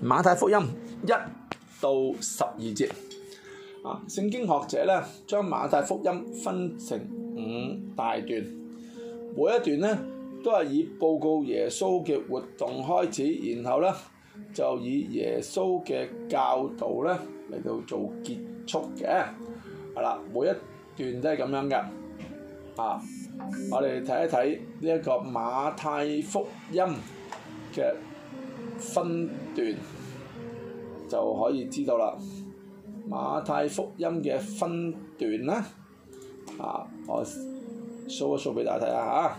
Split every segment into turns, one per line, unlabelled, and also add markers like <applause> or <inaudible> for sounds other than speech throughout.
馬太福音一到十二節，啊，聖經學者咧將馬太福音分成五大段，每一段咧都係以報告耶穌嘅活動開始，然後咧就以耶穌嘅教導咧嚟到做結束嘅，係啦，每一段都係咁樣嘅，啊，我哋睇一睇呢一個馬太福音嘅。分段就可以知道啦。馬太福音嘅分段咧，啊，我 show 一 show 俾大家睇下嚇、啊。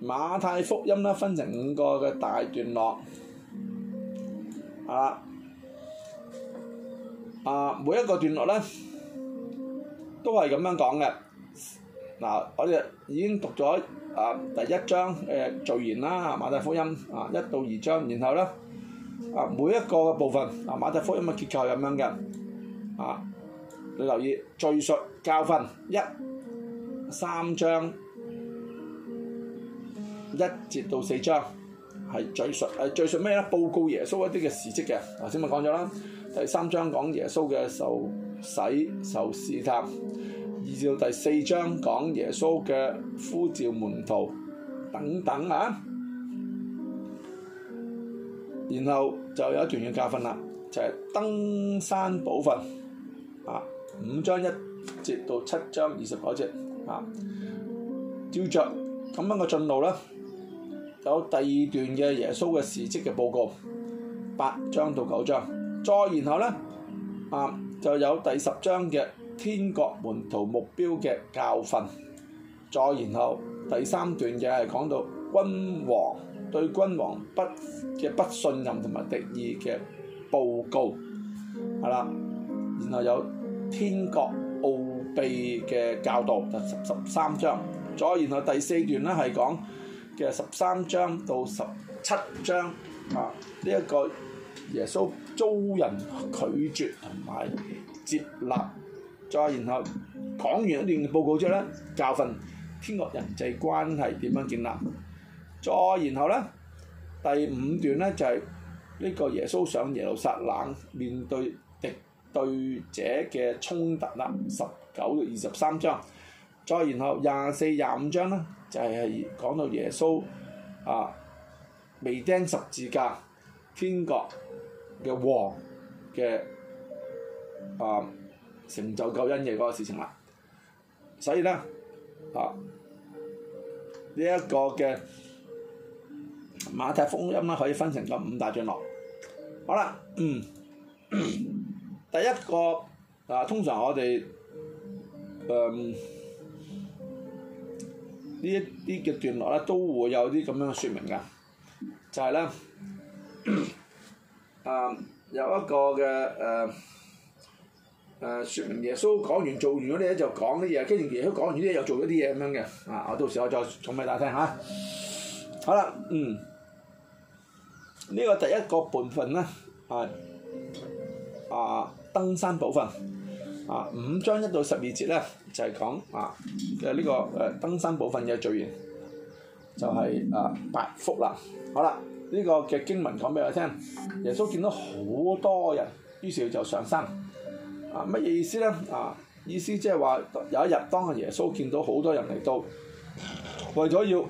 馬太福音咧分成五個嘅大段落，啊，啊每一個段落咧都係咁樣講嘅。嗱、啊，我哋已經讀咗。啊，第一章誒序言啦，呃《馬太福音》啊，一到二章，然後咧啊，每一個部分啊，《馬太福音》嘅結構係咁樣嘅啊，你留意敘述教訓一三章一節到四章係敘述誒敘、呃、述咩咧？報告耶穌一啲嘅事蹟嘅，頭先咪講咗啦。第三章講耶穌嘅受洗、受試探。依照第四章講耶穌嘅呼召門徒等等啊，然後就有一段要教訓啦，就係、是、登山寶訓啊，五章一節到七章二十九節啊，照着咁樣嘅進路咧，有第二段嘅耶穌嘅事蹟嘅報告，八章到九章，再然後咧啊就有第十章嘅。天國門徒目標嘅教訓，再然後第三段嘅係講到君王對君王不嘅不信任同埋敵意嘅報告，係啦，然後有天國奧秘嘅教導，十、就是、十三章，再然後第四段咧係講嘅十三章到十七章啊呢一個耶穌遭人拒絕同埋接納。再然後講完一段報告之後咧，教訓天國人際關係點樣建立。再然後咧，第五段咧就係呢個耶穌上耶路撒冷面對敵對者嘅衝突啦，十九到二十三章。再然後廿四、廿五章咧就係講到耶穌啊，被釘十字架，天國嘅王嘅啊。成就救恩嘅嗰個事情啦，所以咧，啊，呢一個嘅馬太福音咧，可以分成咁五大段落，好啦，嗯，嗯，第一個啊，通常我哋誒呢一啲嘅段落咧，都會有啲咁樣嘅説明噶，就係咧，啊有一個嘅誒。呃誒説明耶穌講完做完嗰啲咧，就講啲嘢；跟住耶穌講完啲嘢，又做咗啲嘢咁樣嘅。啊，我到時候我再重俾大家聽吓。好啦，嗯，呢、這個第一個部分咧，係啊登山寶訓，啊五章一到十二節咧就係、是、講啊嘅呢、這個誒、啊、登山寶訓嘅序言，就係、是、啊八福啦。好啦，呢、這個嘅經文講俾我聽，耶穌見到好多人，於是就上山。啊，乜嘢意思咧？啊，意思即係話有一日，當阿耶穌見到好多人嚟到，為咗要呢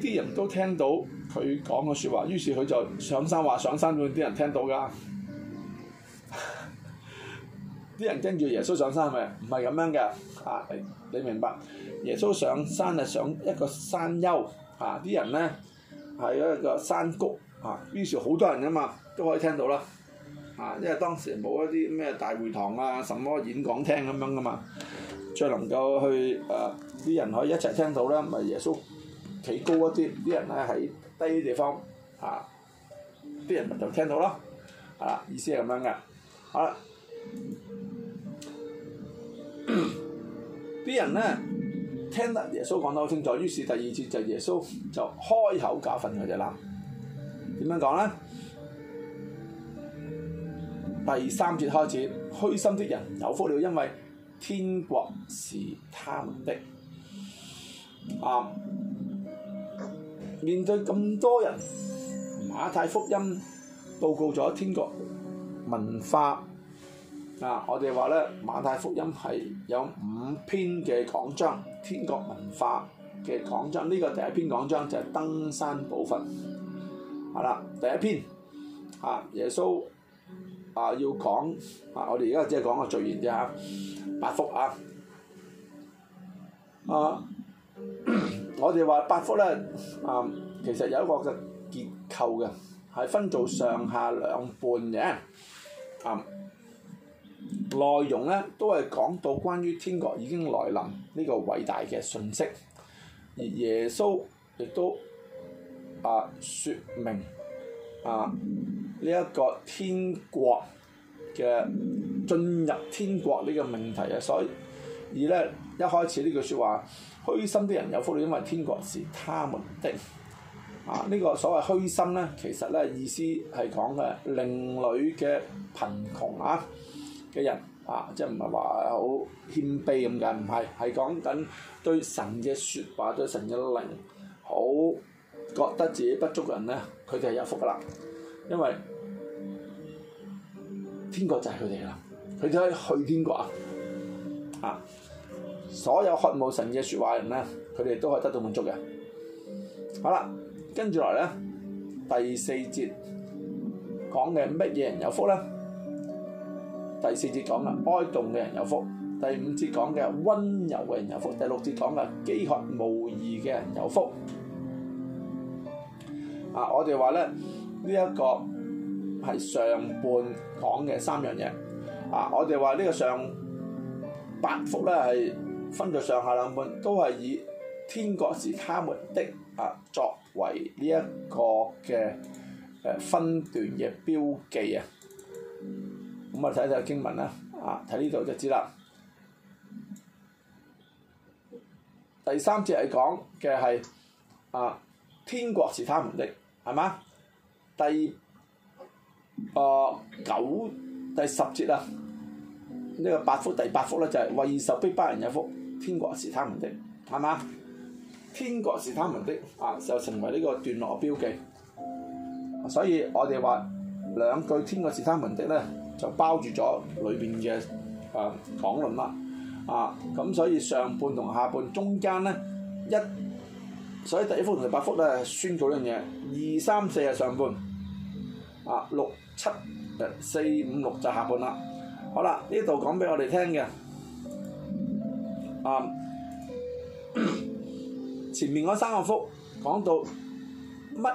啲人都聽到佢講嘅説話，於是佢就上山話上， <laughs> 上山，啲人聽到噶。啲人跟住耶穌上山係咪？唔係咁樣嘅。啊，你明白？耶穌上山係上一個山丘。啊，啲人咧係一個山谷。啊，於是好多人啊嘛，都可以聽到啦。啊！因為當時冇一啲咩大會堂啊、什麼演講廳咁樣噶嘛，最能夠去誒啲、呃、人可以一齊聽到啦。咪、就是、耶穌企高一啲，啲人咧喺低嘅地方，啊，啲人咪就聽到咯，啊，意思係咁樣噶。好、啊、啦，啲 <coughs> 人咧聽得耶穌講得好清楚，於是第二次就耶穌就開口教訓佢哋啦。點樣講咧？第三節開始，虛心的人有福了，因為天國是他們的。啊，面對咁多人，馬太福音報告咗天國文化。啊，我哋話咧，馬太福音係有五篇嘅講章，天國文化嘅講章。呢、這個第一篇講章就係、是、登山寶訓，係、啊、啦，第一篇，啊，耶穌。啊！要講啊！我哋而家只係講個序言啫嚇，八福啊！啊！我哋話八福咧啊，其實有一個嘅結構嘅，係分做上下兩半嘅啊。內容咧都係講到關於天國已經來臨呢個偉大嘅訊息，而耶穌亦都啊説明啊。呢一個天國嘅進入天國呢個命題啊，所以而咧一開始呢句説話，虛心啲人有福啦，因為天國是他們的啊。呢個所謂虛心咧，其實咧意思係講嘅，另類嘅貧窮啊嘅人啊，即係唔係話好謙卑咁嘅，唔係係講緊對神嘅説話，對神嘅靈好覺得自己不足人咧，佢哋係有福噶啦。因為天國就係佢哋啦，佢哋可以去天國啊！啊，所有渴慕神嘅説話人咧，佢哋都可以得到滿足嘅。好啦，跟住嚟咧，第四節講嘅乜嘢人有福咧？第四節講嘅哀慟嘅人有福，第五節講嘅温柔嘅人有福，第六節講嘅飢渴慕義嘅人有福。啊，我哋話咧～呢一個係上半講嘅三樣嘢，啊，我哋話呢個上八幅八福咧係分咗上下兩半，都係以天國是他們的啊作為呢一個嘅誒分段嘅標記啊。咁啊，睇睇經文啦，啊，睇呢度就知啦。第三節係講嘅係啊，天國是他們的，係嘛？第啊、呃、九第十節啦，呢、這個八福第八福咧就係、是、為受逼迫人有福，天國是他們的，係嘛？天國是他們的啊，就成為呢個段落嘅標記。所以我哋話兩句天國是他們的咧，就包住咗裏邊嘅誒講論啦。啊，咁、啊、所以上半同下半中間咧一，所以第一福同第八福咧宣告呢樣嘢，二三四係上半。啊，六七，四五六就下半啦。好啦，呢度講俾我哋聽嘅。啊， <coughs> 前面嗰三個福講到乜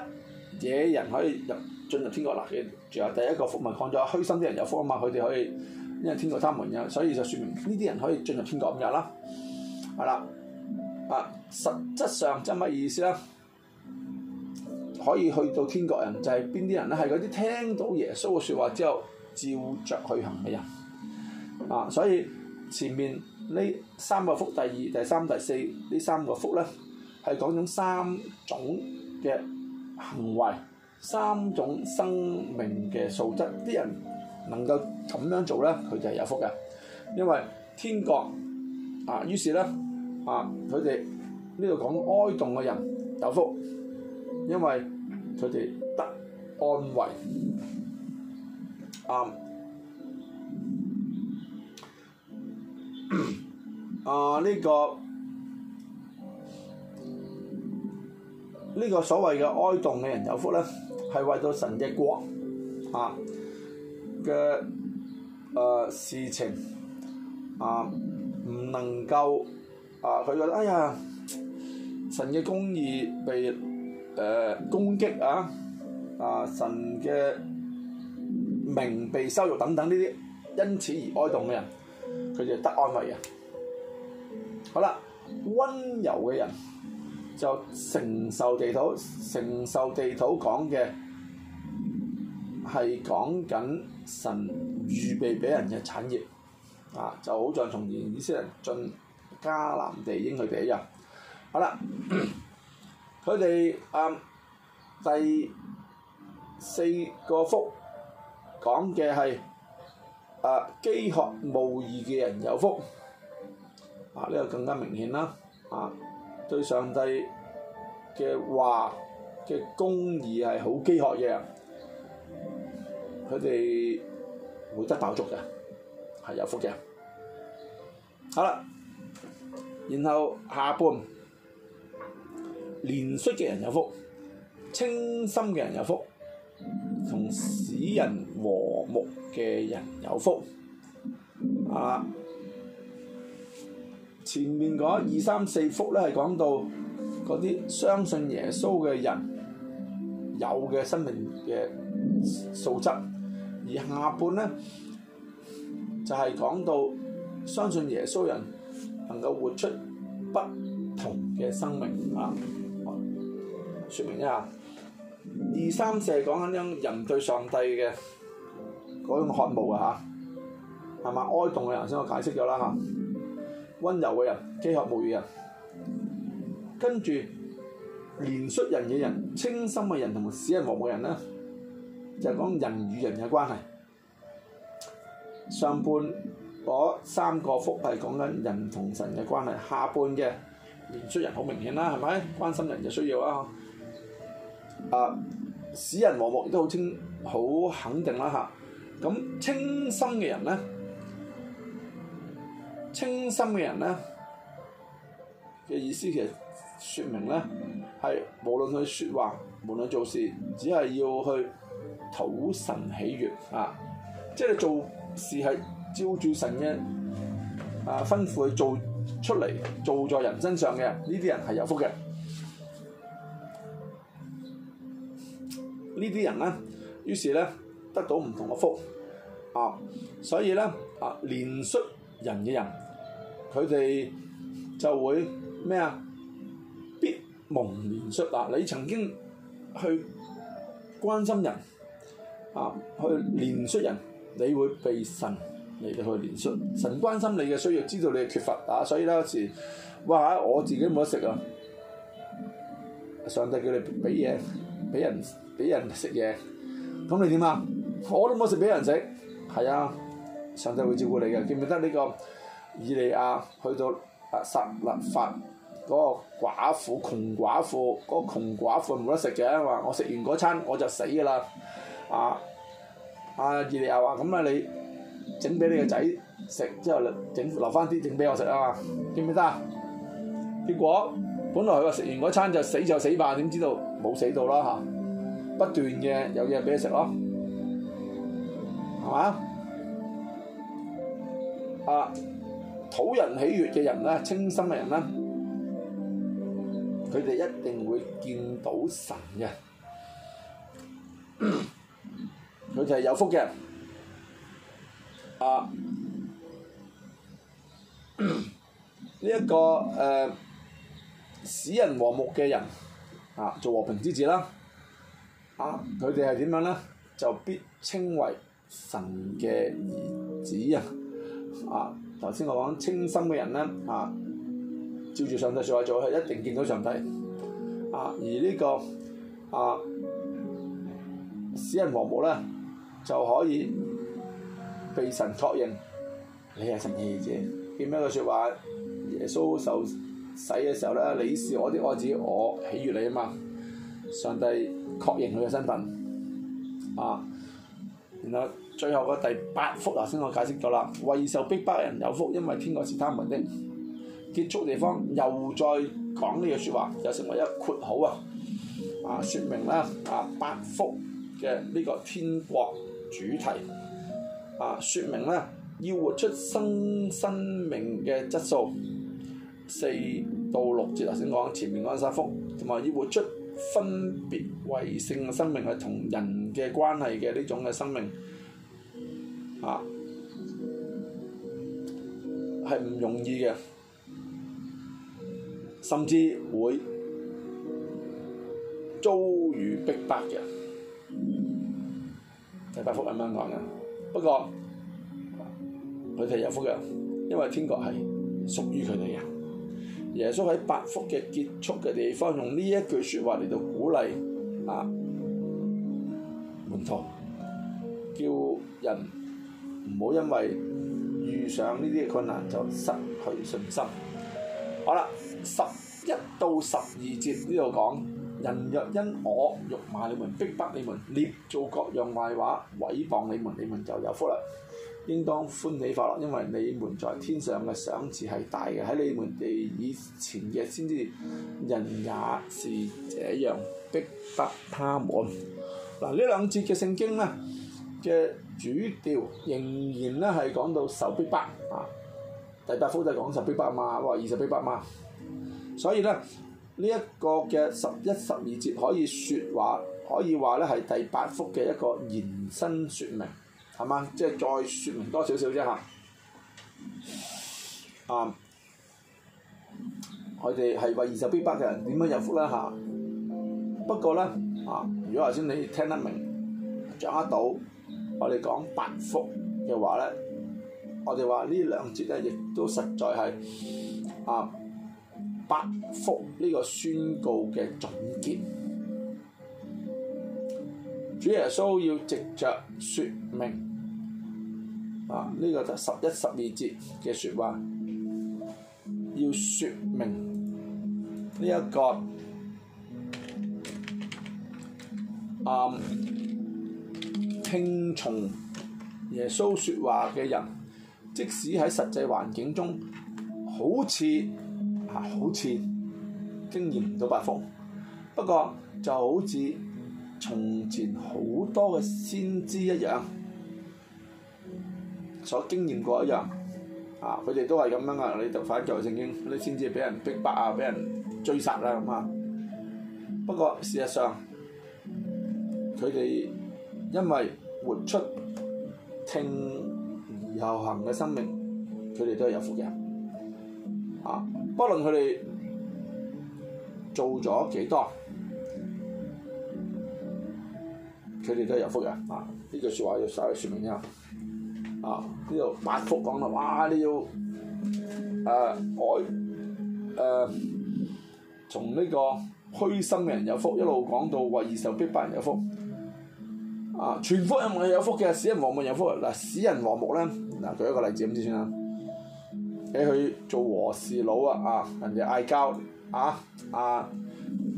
嘢人可以入進入天國。嗱，仲有第一個福咪講咗，虛心啲人有福啊嘛，佢哋可以因為天國開門嘅，所以就説明呢啲人可以進入天國五日啦。係啦，啊，實質上即係乜意思啦？可以去到天國人就係邊啲人咧？係嗰啲聽到耶穌嘅説話之後，照着去行嘅人啊！所以前面呢三個福，第二、第三、第四呢三個福咧，係講緊三種嘅行為，三種生命嘅素質。啲人能夠咁樣做咧，佢就係有福嘅，因為天國啊。於是咧啊，佢哋呢度講哀慟嘅人有福，因為佢哋得安慰，啊呢、這個呢、這個所謂嘅哀慟嘅人有福咧，係為咗神嘅國啊嘅誒、呃、事情啊，唔能夠啊，佢覺得哎呀，神嘅公義被誒攻擊啊！啊神嘅名被羞辱等等呢啲，因此而哀慟嘅人，佢就得安慰嘅。好啦，溫柔嘅人就承受地土，承受地土講嘅係講緊神預備俾人嘅產業。啊，就好像從以色列進迦南地應許地一樣。好啦。佢哋啊，第四個福講嘅係啊，飢渴慕義嘅人有福。啊，呢個更加明顯啦。啊，對上帝嘅話嘅公義係好飢渴嘅，佢哋會得飽足嘅，係有福嘅。好啦，然後下半。憐恤嘅人有福，清心嘅人有福，同使人和睦嘅人有福。啊，前面嗰二三四福咧係講到嗰啲相信耶穌嘅人有嘅生命嘅素質，而下半咧就係、是、講到相信耶穌人能夠活出不同嘅生命啊！說明一下，二三四講緊啲人對上帝嘅嗰種渴慕啊，嚇，係嘛，哀慟嘅人，頭先我解釋咗啦嚇，温柔嘅人，饑渴慕義嘅人，跟住憐恤人嘅人，清心嘅人，同埋使人和睦嘅人咧，就係、是、講人與人嘅關係。上半嗰三個福係講緊人同神嘅關係，下半嘅憐恤人好明顯啦，係咪關心人就需要啊？啊！使人和睦都好清好肯定啦吓，咁清心嘅人咧，清心嘅人咧嘅意思其實說明咧係無論佢說話，無論做事，只係要去討神喜悅啊！即係做事係照住神嘅啊吩咐去做出嚟，做在人身上嘅呢啲人係有福嘅。呢啲人咧，於是咧得到唔同嘅福，啊，所以咧啊憐恤人嘅人，佢哋就會咩啊？必蒙憐恤。嗱、啊，你曾經去關心人，啊，去憐恤人，你會被神嚟到去憐恤。神關心你嘅需要，知道你嘅缺乏啊，所以咧有時，哇！我自己冇得食啊，上帝叫你俾嘢俾人。俾人食嘢，咁你點啊？我都冇食俾人食，係啊！上帝會照顧你嘅。記唔記得呢個以利亞去到啊撒勒法嗰個寡婦，窮寡婦，嗰個窮寡婦冇得食嘅話，我食完嗰餐我就死㗎啦！啊啊！以利亞話：咁啊，你整俾你個仔食，之後整留返啲整俾我食啊！記唔記得啊？結果本來佢話食完嗰餐就死就死吧，點知道冇死到啦嚇！不斷嘅有嘢畀佢食咯，係嘛？啊，土人喜悅嘅人啦，清心嘅人啦，佢哋一定會見到神嘅，佢哋係有福嘅。啊，呢一、 <coughs> 這個誒、呃、使人和睦嘅人，啊做和平之子啦。啊！佢哋係點樣咧？就必稱為神嘅兒子啊！啊！頭先我講清心嘅人咧，啊，照住上帝説話做，係一定見到上帝。啊！而呢、這個啊，使人和睦咧，就可以被神確認你係神嘅兒子。見咩佢説話？耶穌受洗嘅時候咧，你是我的愛子，我喜悅你啊嘛！上帝確認佢嘅身份，啊，然後最後嘅第八福頭先我解釋咗啦，為受逼迫人有福，因為天國是他們的。結束地方又再講呢個説話，又成為一括號啊，啊，説明咧啊八福嘅呢個天國主題，啊，説明咧要活出生生命嘅質素。四到六節頭先講前面嗰三福，同埋要活出。分別為性嘅生命啊，同人嘅關係嘅呢種嘅生命，啊，係唔容易嘅，甚至會遭遇逼迫嘅。第八福咁樣講嘅。不過佢哋有福嘅，因為天國係屬於佢哋嘅。耶穌喺八福嘅結束嘅地方，用呢一句説話嚟到鼓勵啊，門徒叫人唔好因為遇上呢啲困難就失去信心。好啦，十一到十二節呢度講，人若因我辱罵你們、逼迫你們、捏造各樣壞話、毀謗你們，你們就有福了。應當歡喜快樂，因為你們在天上嘅賞賜係大嘅。喺你們地以前嘅先知人也是這樣逼迫他。他 <laughs> 們。嗱呢兩節嘅聖經咧嘅主調仍然咧係講到受逼迫啊，第八福就講受逼迫嘛，話為義受逼迫嘛。所以咧呢一、這個嘅十一十二節可以説話，可以話咧係第八福嘅一個延伸説明。係嘛？即係再説明多少少啫吓，啊，我哋係話二十筆嘅人點樣入福啦嚇。不過咧，啊，如果頭先你聽得明，掌握到我，我哋講八福嘅話咧，我哋話呢兩節咧亦都實在係啊八福呢個宣告嘅總結。主耶穌要直着説明啊，呢、這個就十一十二節嘅説話，要説明呢一、這個啊、嗯、聽從耶穌説話嘅人，即使喺實際環境中好似啊好似經驗唔到八福，不過就好似。從前好多嘅先知一樣，所經驗過一樣，啊！佢哋都係咁樣噶，你讀返《舊約聖經》，啲先知俾人逼迫啊，俾人追殺啦咁啊。不過事實上，佢哋因為活出聽而後行嘅生命，佢哋都係有福嘅。啊！不論佢哋做咗幾多。佢哋都係有福嘅，啊！呢句説話要稍微説明一下，啊！呢度八福講啦，哇！你要誒愛誒，從、呃、呢、呃、個虛心嘅人有福，一路講到話為義受逼迫人有福，啊！全福有冇有福嘅？使人和睦有福。嗱，使人和睦咧，嗱，舉一個例子咁先算啦，你去做和事佬啊，啊！啊，人哋嗌交，啊啊！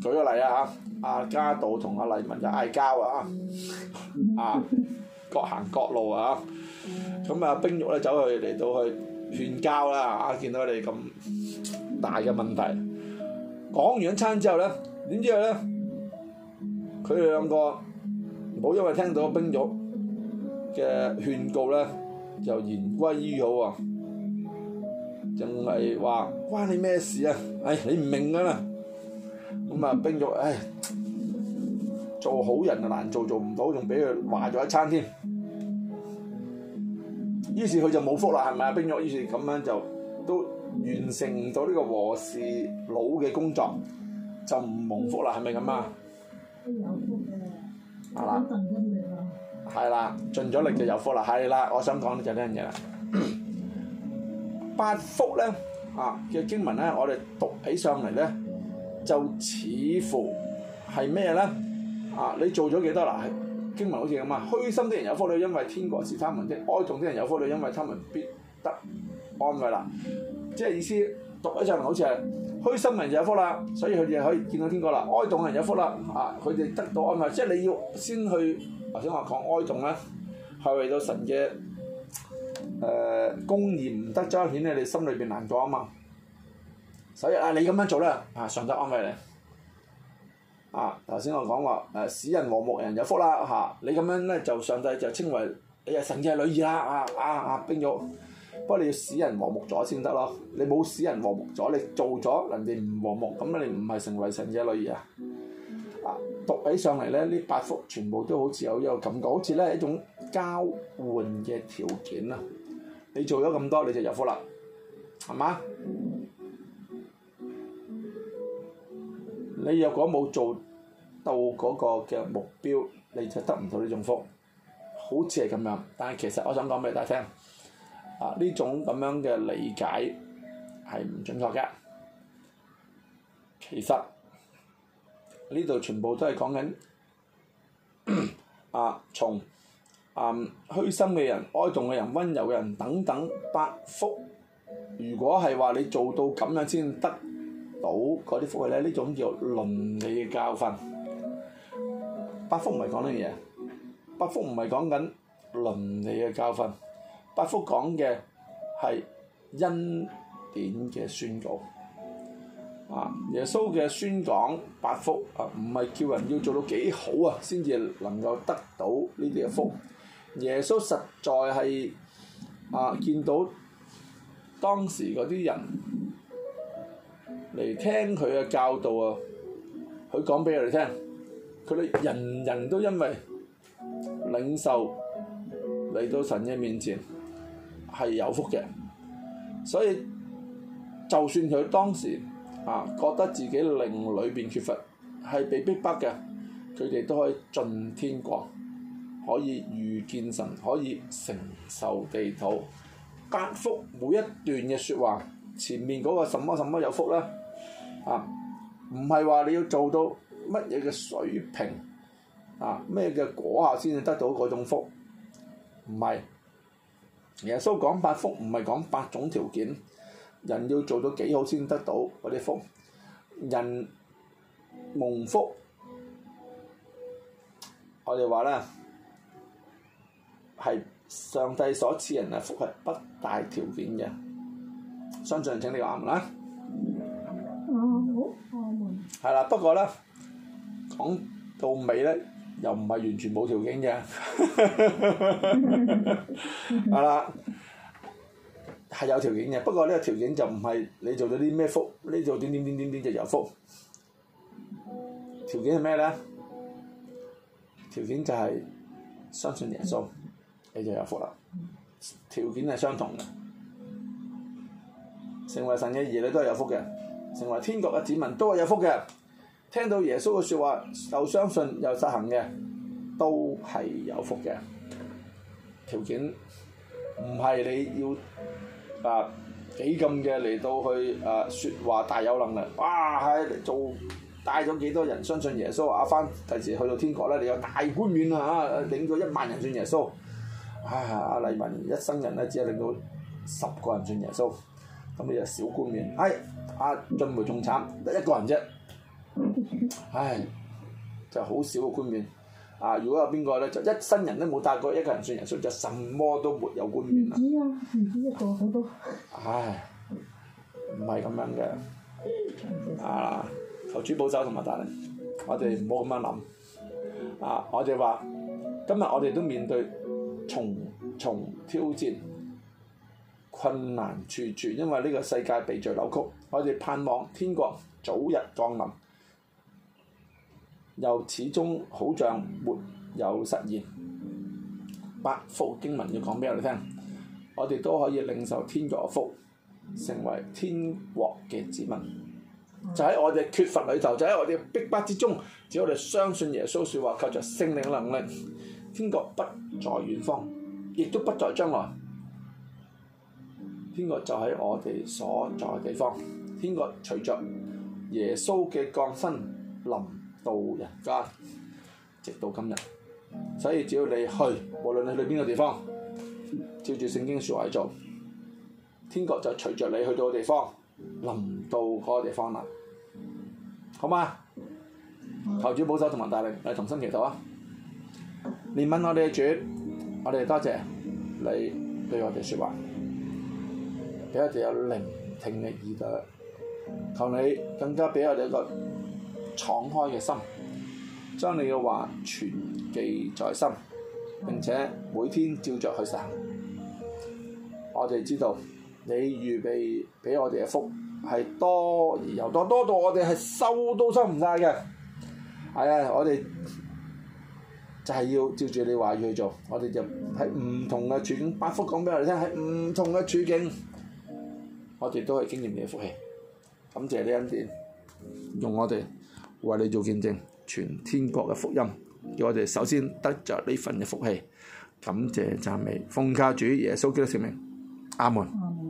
舉個例啊嚇，阿嘉道同阿黎文就嗌交啊，啊，各行各路啊，咁啊冰玉咧走去嚟到去勸交啦，啊見到你哋咁大嘅問題，講完一餐之後咧，點知咧佢哋兩個冇因為聽到冰玉嘅勸告咧就言歸於好喎，仲係話關你咩事啊？唉，你唔明噶啦。咁啊，冰玉，唉，做好人就難做，做唔到，仲俾佢話咗一餐添。於是佢就冇福啦，係咪啊，冰玉？於是咁樣就都完成唔到呢個和事佬嘅工作，就唔蒙福啦，有福啦，係咪咁啊？都有福嘅。係啦，盡咗力就有福啦。係啦，我想講就呢樣嘢啦。 <laughs> 八福咧，啊嘅經文咧，我哋讀起上嚟咧。就似乎係咩咧？啊，你做咗幾多嗱、啊？經文好似咁啊，虛心啲人有福了，因為天國是他們的；哀痛啲人有福了，因為他們必得安慰啦。即係意思讀一隻文好似係虛心人就有福啦，所以佢哋可以見到天國啦；哀痛人有福啦，啊，佢哋得到安慰。即係你要先去頭先話講哀痛咧，係為到神嘅誒、呃、公義唔得彰顯咧，顯你心裏邊難過啊嘛。所以啊，你咁樣做咧，啊，上帝安慰你。啊，頭先我講話，誒、啊，使人和睦人有福啦，嚇、啊，你咁樣咧就上帝就稱為，誒呀，神嘅女兒啦，啊啊啊，並有，不過你要使人和睦咗先得咯，你冇使人和睦咗，你做咗人哋唔和睦，咁你唔係成為神嘅女兒啊。讀起上嚟咧，呢八福全部都好似有一個感覺，好似咧一種交換嘅條件啦。你做咗咁多你就有福啦，係嘛？你若果冇做到嗰個嘅目標，你就得唔到呢種福，好似係咁樣。但係其實我想講俾大家聽，啊呢種咁樣嘅理解係唔準確嘅。其實呢度全部都係講緊，啊從啊虛心嘅人、哀慟嘅人、温柔嘅人等等八福。如果係話你做到咁樣先得到嗰啲福氣咧，呢種叫倫理嘅教訓。八福唔係講呢樣嘢，八福唔係講緊倫理嘅教訓，八福講嘅係恩典嘅宣告。啊，耶穌嘅宣講八福啊，唔係叫人要做到幾好啊，先至能夠得到呢啲嘅福。耶穌實在係啊，見到當時嗰啲人。嚟聽佢嘅教導啊！佢講俾我哋聽，佢哋人人都因為領受嚟到神嘅面前係有福嘅，所以就算佢當時啊覺得自己靈裏邊缺乏，係被逼迫嘅，佢哋都可以進天國，可以遇見神，可以承受地土。八福每一段嘅説話，前面嗰個什麼什麼有福啦～啊，唔係話你要做到乜嘢嘅水平，啊咩嘅果效先至得到嗰種福，唔係。耶穌講八福唔係講八種條件，人要做到幾好先得到嗰啲福，人蒙福，我哋話咧係上帝所賜人嘅福係不帶條件嘅，相信請你話啱唔啱？係啦，不過咧講到尾咧，又唔係完全冇條件嘅，係啦，係有條件嘅。不過呢個條件就唔係你做咗啲咩福，你做點點點點點就有福。條件係咩咧？條件就係、是、相信耶穌，嗯、你就有福啦。條件係相同嘅，成為神嘅兒女都係有福嘅。成為天國嘅子民都係有福嘅，聽到耶穌嘅説話又相信又實行嘅，都係有福嘅。條件唔係你要啊、呃、幾咁嘅嚟到去誒説、呃、話大有能力，哇！係、哎、做帶咗幾多人相信耶穌啊！翻第時去到天國，咧，你有大冠冕啦嚇、啊，領咗一萬人信耶穌。唉、啊，阿黎文一生人咧，只係領到十個人信耶穌。咁你就少官面，唉、哎，阿俊梅仲慘，得一個人啫，唉、哎，就好、是、少個官面。啊，如果有邊個咧，就一生人都冇帶過，一個人算人數，就什麼都沒有官面。唔止啊，唔止一個好多。唉、哎，唔係咁樣嘅，謝謝啊，求主保守同埋帶領，我哋唔好咁樣諗。啊，我哋話今日我哋都面對重重挑戰。困難處處，因為呢個世界被罪扭曲。我哋盼望天國早日降臨，又始終好像沒有實現。八福經文要講俾我哋聽，我哋都可以領受天國福，成為天國嘅子民。就喺我哋缺乏裏頭，就喺我哋逼迫之中，只要我哋相信耶穌説話，靠着聖靈能力，天國不在遠方，亦都不在將來。天國就喺我哋所在嘅地方，天國隨着耶穌嘅降生臨到人間，直到今日。所以只要你去，無論你去邊個地方，照住聖經説話去做，天國就隨着你去到嘅地方，臨到嗰個地方啦。好嘛？求主保守同埋帶領，你同心祈禱啊！憐憫我哋嘅主，我哋多謝你對我哋説話。俾我哋有聆聽嘅耳朵，求你更加俾我哋一個敞開嘅心，將你嘅話存記在心，並且每天照着去實行。我哋知道你預備俾我哋嘅福係多而又多，多到我哋係收都收唔晒嘅。係啊，我哋就係要照住你話語去做。我哋就喺唔同嘅處境，八福講俾我哋聽，喺唔同嘅處境。我哋都係經驗你嘅福氣，感謝你恩典，用我哋為你做見證，全天國嘅福音，叫我哋首先得着呢份嘅福氣，感謝讚美奉教主耶穌基督的聖名，阿門。阿